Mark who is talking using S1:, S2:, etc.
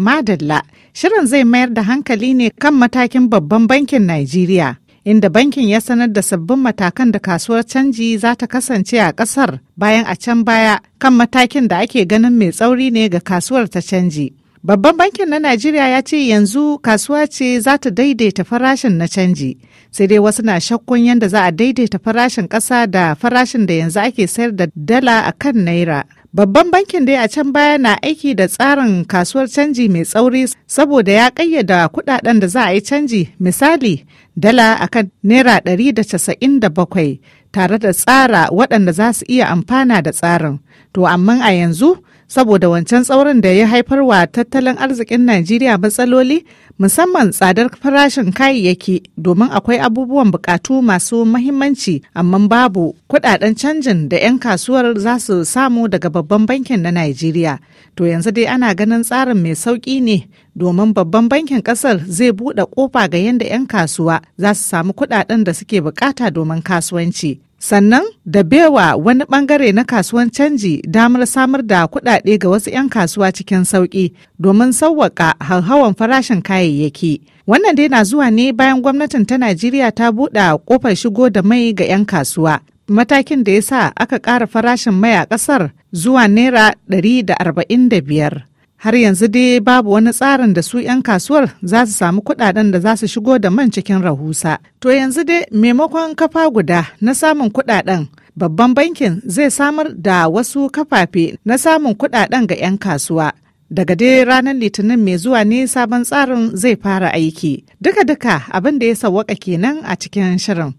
S1: Madalla shirin zai mayar da hankali ne kan matakin babban bankin Najeriya. Inda bankin ya sanar da sabbin matakan da kasuwar canji za ta kasance a ƙasar bayan a can baya kan matakin da ake ganin mai tsauri ne ga kasuwar ta canji. Babban bankin na Najeriya ya ce yanzu kasuwa ce za ta daidaita farashin na canji, sai dai wasu na shakkun yadda za a daidaita farashin ƙasa da farashin da yanzu ake sayar da dala a kan naira. Babban bankin dai a can baya na aiki da tsarin kasuwar canji mai tsauri saboda ya ƙayyada kudaden da za a yi canji misali dala akan naira 197 tare da tsara waɗanda za su iya amfana da tsarin. To amma a yanzu saboda wancan tsaurin da ya haifar wa tattalin arzikin Najeriya matsaloli musamman tsadar farashin kayayyaki domin akwai abubuwan bukatu masu mahimmanci amma babu kudaden canjin da 'yan kasuwar za su samu daga babban bankin na Najeriya. To yanzu dai ana ganin tsarin mai sauki ne domin babban bankin kasar zai buɗe kofa ga yadda 'yan kasuwa za su samu kudaden da suke bukata domin kasuwanci. sannan da bewa wani bangare na kasuwan canji damar samar da kuɗaɗe ga wasu 'yan kasuwa cikin sauƙi domin sauwaƙa hauhawan farashin kayayyaki wannan dai na zuwa ne bayan gwamnatin ta najeriya ta buɗe ƙofar shigo da mai ga 'yan kasuwa matakin da ya sa aka ƙara farashin mai a ƙasar zuwa naira 145 har yanzu dai babu wani tsarin da su 'yan kasuwar za su samu kudaden da za su shigo da man cikin rahusa. To yanzu dai maimakon kafa guda na samun kudaden babban bankin zai samar da wasu kafafe na samun kudaden ga 'yan kasuwa. Daga dai ranar Litinin mai zuwa ne sabon tsarin zai fara aiki. Duka-duka abin da ya sawwaka kenan a cikin shirin.